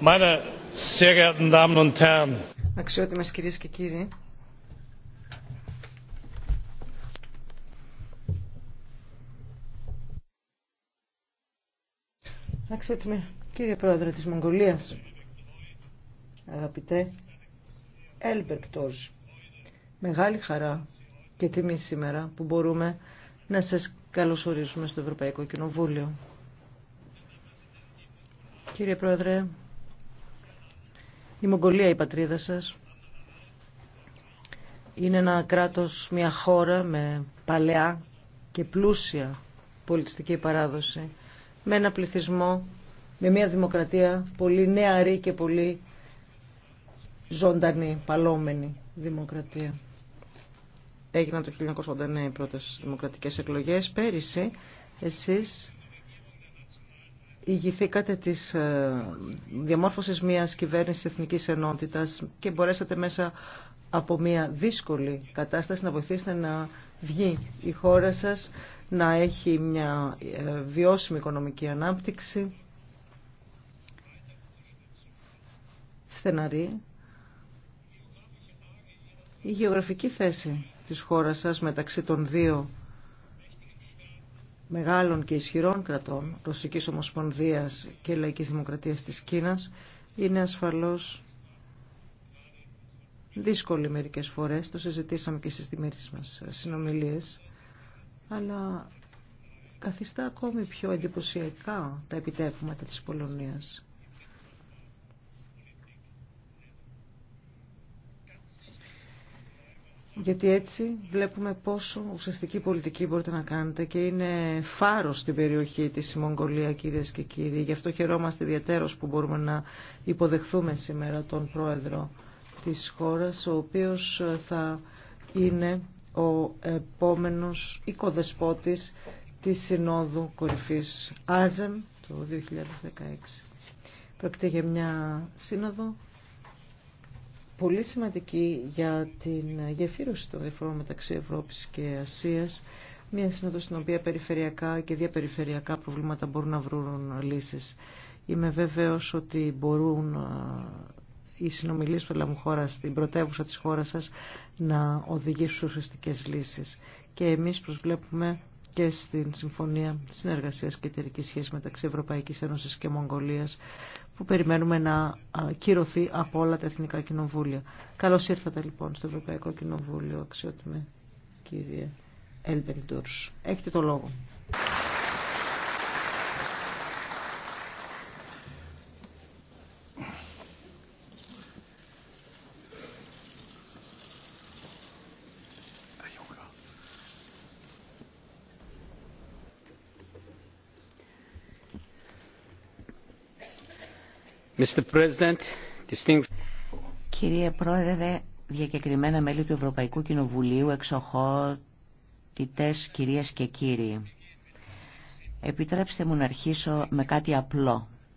Meine sehr geehrten Damen und Herren. Αξιότιμες κυρίες και κύριοι. Αξιότιμε κύριε Πρόεδρε της Μογγολίας αγαπητέ Έλμπερκτος. Μεγάλη χαρά και τιμή σήμερα που μπορούμε να σας καλωσορίσουμε στο Ευρωπαϊκό Κοινοβούλιο. Κύριε Πρόεδρε, η Μογγολία η πατρίδα σας είναι ένα κράτος, μια χώρα με παλαιά και πλούσια πολιτιστική παράδοση, με ένα πληθυσμό, με μια δημοκρατία πολύ νεαρή και πολύ ζωντανή, παλόμενη δημοκρατία. Έγιναν το 1989 οι πρώτες δημοκρατικές εκλογές. Πέρυσι εσείς ηγηθήκατε της ε, διαμόρφωσης μιας κυβέρνησης εθνικής ενότητας και μπορέσατε μέσα από μια δύσκολη κατάσταση να βοηθήσετε να βγει η χώρα σας, να έχει μια ε, βιώσιμη οικονομική ανάπτυξη, στεναρή η γεωγραφική θέση της χώρας σας μεταξύ των δύο μεγάλων και ισχυρών κρατών, Ρωσικής Ομοσπονδίας και Λαϊκής Δημοκρατίας της Κίνας, είναι ασφαλώς δύσκολη μερικές φορές, το συζητήσαμε και στις δημιουργίες μας συνομιλίες, αλλά καθιστά ακόμη πιο εντυπωσιακά τα επιτεύγματα της Πολωνίας. Γιατί έτσι βλέπουμε πόσο ουσιαστική πολιτική μπορείτε να κάνετε και είναι φάρος στην περιοχή της η Μογγολία κυρίες και κύριοι. Γι' αυτό χαιρόμαστε ιδιαίτερω που μπορούμε να υποδεχθούμε σήμερα τον πρόεδρο της χώρας, ο οποίος ε, θα είναι ο επόμενος οικοδεσπότη της Συνόδου Κορυφής Άζεμ το 2016. Πρόκειται για μια σύνοδο πολύ σημαντική για την γεφύρωση των διαφορών μεταξύ Ευρώπης και Ασίας. Μια συνόδο στην οποία περιφερειακά και διαπεριφερειακά προβλήματα μπορούν να βρουν λύσεις. Είμαι βέβαιος ότι μπορούν οι συνομιλίες που έλαβαν χώρα στην πρωτεύουσα της χώρας σας να οδηγήσουν ουσιαστικές λύσεις. Και εμείς προσβλέπουμε και στην Συμφωνία Συνεργασίας και Εταιρικής Σχέσης μεταξύ Ευρωπαϊκής Ένωσης και Μογγολίας που περιμένουμε να κυρωθεί από όλα τα εθνικά κοινοβούλια. Καλώς ήρθατε λοιπόν στο Ευρωπαϊκό Κοινοβούλιο, αξιότιμε κύριε Έλβεν Έχετε το λόγο. Κύριε Πρόεδρε, διακεκριμένα μέλη του Ευρωπαϊκού Κοινοβουλίου, εξοχότητες κυρίες και κύριοι. Επιτρέψτε μου να αρχίσω με κάτι απλό.